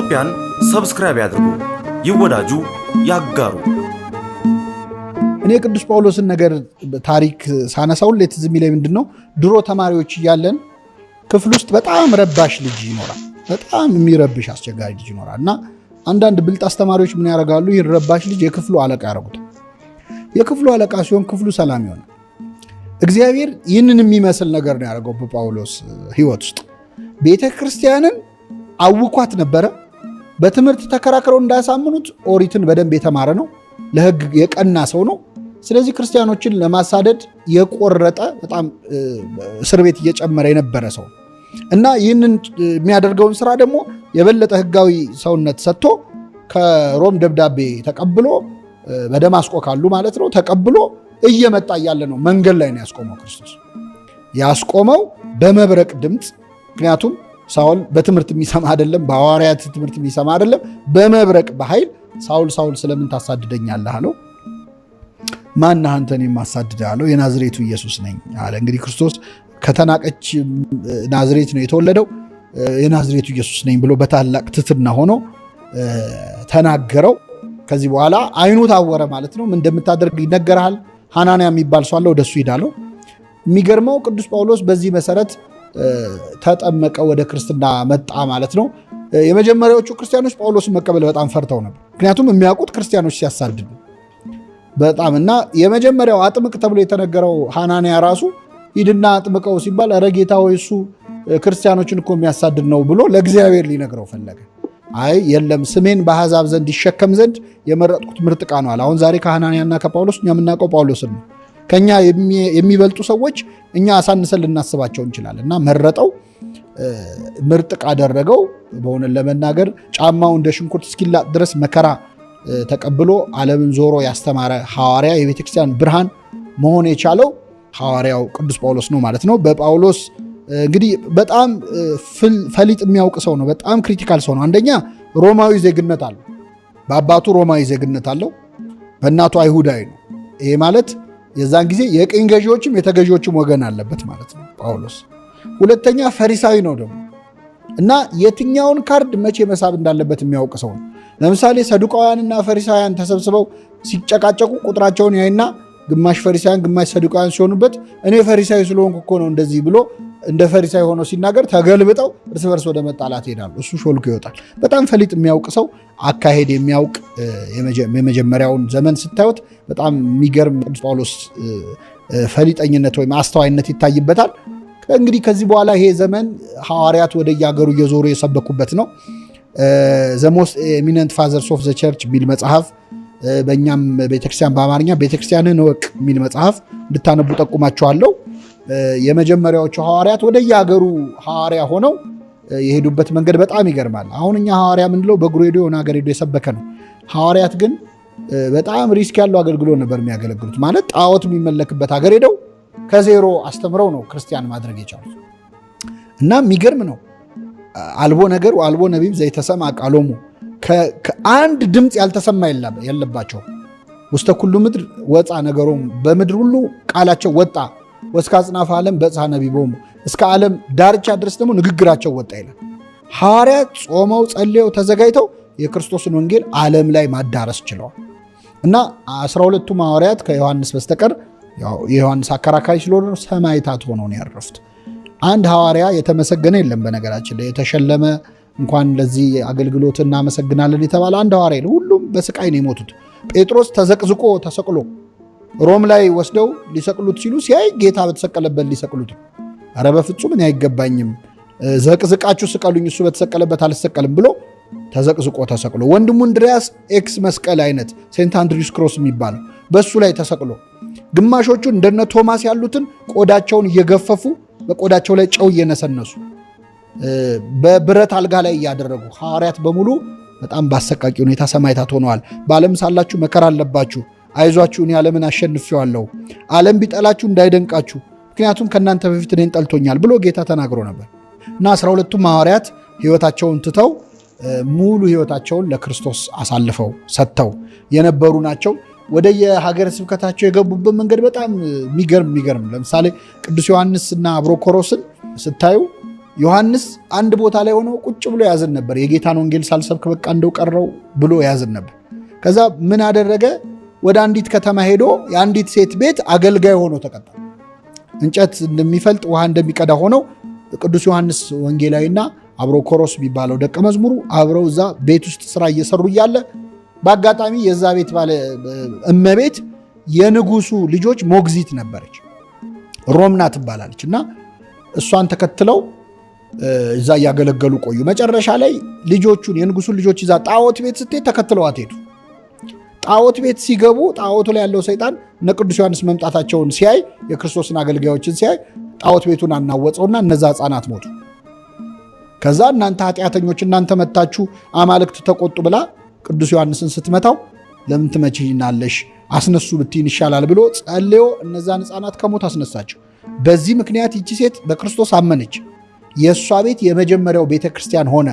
ኢትዮጵያን ሰብስክራይብ ያድርጉ፣ ይወዳጁ፣ ያጋሩ። እኔ ቅዱስ ጳውሎስን ነገር ታሪክ ሳነሳው ሁሌ ዝም ይለኝ ምንድን ነው፣ ድሮ ተማሪዎች እያለን ክፍል ውስጥ በጣም ረባሽ ልጅ ይኖራል። በጣም የሚረብሽ አስቸጋሪ ልጅ ይኖራል እና አንዳንድ ብልጥ አስተማሪዎች ምን ያደርጋሉ? ይህን ረባሽ ልጅ የክፍሉ አለቃ ያደርጉታል። የክፍሉ አለቃ ሲሆን ክፍሉ ሰላም ይሆናል። እግዚአብሔር ይህንን የሚመስል ነገር ነው ያደርገው በጳውሎስ ሕይወት ውስጥ ቤተ ክርስቲያንን አውኳት ነበረ በትምህርት ተከራክረው እንዳያሳምኑት ኦሪትን በደንብ የተማረ ነው፣ ለህግ የቀና ሰው ነው። ስለዚህ ክርስቲያኖችን ለማሳደድ የቆረጠ በጣም እስር ቤት እየጨመረ የነበረ ሰው እና ይህንን የሚያደርገውን ስራ ደግሞ የበለጠ ህጋዊ ሰውነት ሰጥቶ ከሮም ደብዳቤ ተቀብሎ በደማስቆ ካሉ ማለት ነው ተቀብሎ እየመጣ እያለ ነው መንገድ ላይ ነው ያስቆመው ክርስቶስ ያስቆመው በመብረቅ ድምፅ ምክንያቱም ሳውል በትምህርት የሚሰማ አይደለም፣ በሐዋርያት ትምህርት የሚሰማ አይደለም። በመብረቅ በኃይል ሳውል ሳውል ስለምን ታሳድደኛለህ አለው። ማነህ አንተ እኔን አለው። የናዝሬቱ ኢየሱስ ነኝ አለ። እንግዲህ ክርስቶስ ከተናቀች ናዝሬት ነው የተወለደው። የናዝሬቱ ኢየሱስ ነኝ ብሎ በታላቅ ትትና ሆኖ ተናገረው። ከዚህ በኋላ አይኑ ታወረ ማለት ነው። ምን እንደምታደርግ ይነገርሃል። ሃናንያ የሚባል ሰው አለ፣ ወደሱ ሂድ አለው። የሚገርመው ቅዱስ ጳውሎስ በዚህ መሰረት ተጠመቀ፣ ወደ ክርስትና መጣ ማለት ነው። የመጀመሪያዎቹ ክርስቲያኖች ጳውሎስን መቀበል በጣም ፈርተው ነበር። ምክንያቱም የሚያውቁት ክርስቲያኖች ሲያሳድዱ በጣም እና የመጀመሪያው አጥምቅ ተብሎ የተነገረው ሃናንያ ራሱ ሂድና አጥምቀው ሲባል ኧረ ጌታ እሱ ክርስቲያኖችን እኮ የሚያሳድድ ነው ብሎ ለእግዚአብሔር ሊነግረው ፈለገ። አይ የለም ስሜን በአሕዛብ ዘንድ ይሸከም ዘንድ የመረጥኩት ምርጥ ዕቃ ነው አለ። አሁን ዛሬ ከሃናንያና ከጳውሎስ እኛ የምናውቀው ጳውሎስን ነው። ከኛ የሚበልጡ ሰዎች እኛ አሳንሰን ልናስባቸው እንችላለን እና መረጠው ምርጥ ካደረገው በሆነ ለመናገር ጫማው እንደ ሽንኩርት እስኪላጥ ድረስ መከራ ተቀብሎ ዓለምን ዞሮ ያስተማረ ሐዋርያ የቤተክርስቲያን ብርሃን መሆን የቻለው ሐዋርያው ቅዱስ ጳውሎስ ነው ማለት ነው። በጳውሎስ እንግዲህ በጣም ፈሊጥ የሚያውቅ ሰው ነው። በጣም ክሪቲካል ሰው ነው። አንደኛ ሮማዊ ዜግነት አለው። በአባቱ ሮማዊ ዜግነት አለው፣ በእናቱ አይሁዳዊ ነው። ይሄ ማለት የዛን ጊዜ የቅኝ ገዢዎችም የተገዢዎችም ወገን አለበት ማለት ነው ጳውሎስ። ሁለተኛ ፈሪሳዊ ነው ደግሞ እና የትኛውን ካርድ መቼ መሳብ እንዳለበት የሚያውቅ ሰው ነው። ለምሳሌ ሰዱቃውያንና ፈሪሳውያን ተሰብስበው ሲጨቃጨቁ ቁጥራቸውን ያይና ግማሽ ፈሪሳውያን ግማሽ ሰዱቃውያን ሲሆኑበት እኔ ፈሪሳዊ ስለሆንኩ እኮ ነው እንደዚህ ብሎ እንደ ፈሪሳይ ሆኖ ሲናገር ተገልብጠው እርስ በርስ ወደ መጣላት ይሄዳሉ። እሱ ሾልኮ ይወጣል። በጣም ፈሊጥ የሚያውቅ ሰው አካሄድ የሚያውቅ የመጀመሪያውን ዘመን ስታዩት በጣም የሚገርም ቅዱስ ጳውሎስ ፈሊጠኝነት ወይም አስተዋይነት ይታይበታል። እንግዲህ ከዚህ በኋላ ይሄ ዘመን ሐዋርያት ወደ እያገሩ እየዞሩ የሰበኩበት ነው። ዘሞስ ኤሚነንት ፋዘርስ ኦፍ ዘ ቸርች የሚል መጽሐፍ በእኛም ቤተክርስቲያን በአማርኛ ቤተክርስቲያንን እወቅ የሚል መጽሐፍ እንድታነቡ ጠቁማችኋለሁ። የመጀመሪያዎቹ ሐዋርያት ወደ የአገሩ ሐዋርያ ሆነው የሄዱበት መንገድ በጣም ይገርማል። አሁን እኛ ሐዋርያ ምንለው በእግሩ ሄዶ የሆነ ሀገር ሄዶ የሰበከ ነው። ሐዋርያት ግን በጣም ሪስክ ያለው አገልግሎት ነበር የሚያገለግሉት። ማለት ጣዖት የሚመለክበት ሀገር ሄደው ከዜሮ አስተምረው ነው ክርስቲያን ማድረግ የቻሉት እና የሚገርም ነው። አልቦ ነገር አልቦ ነቢብ ዘይተሰማ ቃሎሙ ከአንድ ድምፅ ያልተሰማ የለባቸው ውስተ ኩሉ ምድር ወፃ ነገሮም በምድር ሁሉ ቃላቸው ወጣ ወስከ አጽናፈ ዓለም በጽሐ ነቢቦሙ እስከ ዓለም ዳርቻ ድረስ ደግሞ ንግግራቸው ወጣ ይላል። ሐዋርያት ጾመው ጸልየው ተዘጋጅተው የክርስቶስን ወንጌል ዓለም ላይ ማዳረስ ችለዋል እና አስራ ሁለቱም ሐዋርያት ከዮሐንስ በስተቀር የዮሐንስ አከራካሪ ስለሆነ ሰማይታት ሆነው ነው ያረፉት። አንድ ሐዋርያ የተመሰገነ የለም። በነገራችን ላይ የተሸለመ እንኳን ለዚህ አገልግሎት እናመሰግናለን የተባለ አንድ ሐዋርያ ሁሉም በስቃይ ነው የሞቱት። ጴጥሮስ ተዘቅዝቆ ተሰቅሎ ሮም ላይ ወስደው ሊሰቅሉት ሲሉ ሲያይ ጌታ በተሰቀለበት ሊሰቅሉት፣ አረ በፍጹም እኔ አይገባኝም፣ ዘቅዝቃችሁ ስቀሉኝ፣ እሱ በተሰቀለበት አልሰቀልም ብሎ ተዘቅዝቆ ተሰቅሎ ወንድሙ እንድሪያስ ኤክስ መስቀል አይነት ሴንት አንድሪውስ ክሮስ የሚባለው በእሱ ላይ ተሰቅሎ ግማሾቹ እንደነ ቶማስ ያሉትን ቆዳቸውን እየገፈፉ በቆዳቸው ላይ ጨው እየነሰነሱ በብረት አልጋ ላይ እያደረጉ ሐዋርያት በሙሉ በጣም በአሰቃቂ ሁኔታ ሰማዕታት ሆነዋል። በዓለም ሳላችሁ መከራ አለባችሁ አይዟችሁ እኔ ዓለምን አሸንፌዋለሁ፣ ዓለም ቢጠላችሁ እንዳይደንቃችሁ፣ ምክንያቱም ከእናንተ በፊት እኔን ጠልቶኛል ብሎ ጌታ ተናግሮ ነበር እና አስራ ሁለቱም ሐዋርያት ህይወታቸውን ትተው ሙሉ ህይወታቸውን ለክርስቶስ አሳልፈው ሰጥተው የነበሩ ናቸው። ወደ የሀገረ ስብከታቸው የገቡበት መንገድ በጣም የሚገርም የሚገርም። ለምሳሌ ቅዱስ ዮሐንስ እና አብሮኮሮስን ስታዩ ዮሐንስ አንድ ቦታ ላይ ሆኖ ቁጭ ብሎ ያዝን ነበር። የጌታን ወንጌል ሳልሰብክ በቃ እንደው ቀረው ብሎ ያዝን ነበር። ከዛ ምን አደረገ? ወደ አንዲት ከተማ ሄዶ የአንዲት ሴት ቤት አገልጋይ ሆኖ ተቀጣ። እንጨት እንደሚፈልጥ ውሃ እንደሚቀዳ ሆነው ቅዱስ ዮሐንስ ወንጌላዊና አብሮ ኮሮስ የሚባለው ደቀ መዝሙሩ አብረው እዛ ቤት ውስጥ ስራ እየሰሩ እያለ በአጋጣሚ የዛ ቤት ባለ እመቤት የንጉሱ ልጆች ሞግዚት ነበረች፣ ሮምና ትባላለች እና እሷን ተከትለው እዛ እያገለገሉ ቆዩ። መጨረሻ ላይ ልጆቹን የንጉሱን ልጆች ይዛ ጣዖት ቤት ስትሄድ ተከትለዋት ሄዱ። ጣዖት ቤት ሲገቡ ጣዖቱ ላይ ያለው ሰይጣን እነ ቅዱስ ዮሐንስ መምጣታቸውን ሲያይ የክርስቶስን አገልጋዮችን ሲያይ ጣዖት ቤቱን አናወጸውና እነዛ ህፃናት ሞቱ። ከዛ እናንተ ኃጢአተኞች እናንተ መታችሁ አማልክት ተቆጡ ብላ ቅዱስ ዮሐንስን ስትመታው ለምን ትመችናለሽ? አስነሱ ብትይን ይሻላል ብሎ ጸልዮ እነዛን ህፃናት ከሞት አስነሳቸው። በዚህ ምክንያት ይቺ ሴት በክርስቶስ አመነች። የእሷ ቤት የመጀመሪያው ቤተክርስቲያን ሆነ።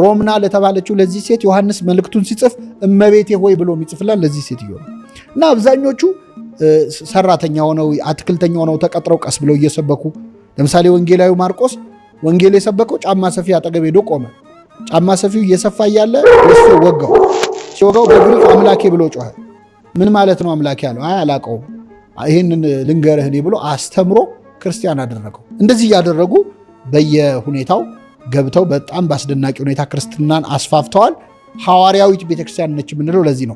ሮምና ለተባለችው ለዚህ ሴት ዮሐንስ መልእክቱን ሲጽፍ እመቤቴ ሆይ ብሎ የሚጽፍላል ለዚህ ሴት ነው። እና አብዛኞቹ ሰራተኛ ሆነው አትክልተኛ ሆነው ተቀጥረው ቀስ ብለው እየሰበኩ ለምሳሌ ወንጌላዊ ማርቆስ ወንጌል የሰበከው ጫማ ሰፊ አጠገብ ሄዶ ቆመ። ጫማ ሰፊው እየሰፋ እያለ ወስዶ ወጋው። ሲወጋው በግሪክ አምላኬ ብሎ ጮኸ። ምን ማለት ነው አምላኬ አለው? አይ አላውቀውም፣ ይህንን ልንገርህ እኔ ብሎ አስተምሮ ክርስቲያን አደረገው። እንደዚህ እያደረጉ በየሁኔታው ገብተው በጣም በአስደናቂ ሁኔታ ክርስትናን አስፋፍተዋል። ሐዋርያዊት ቤተክርስቲያን ነች የምንለው ለዚህ ነው።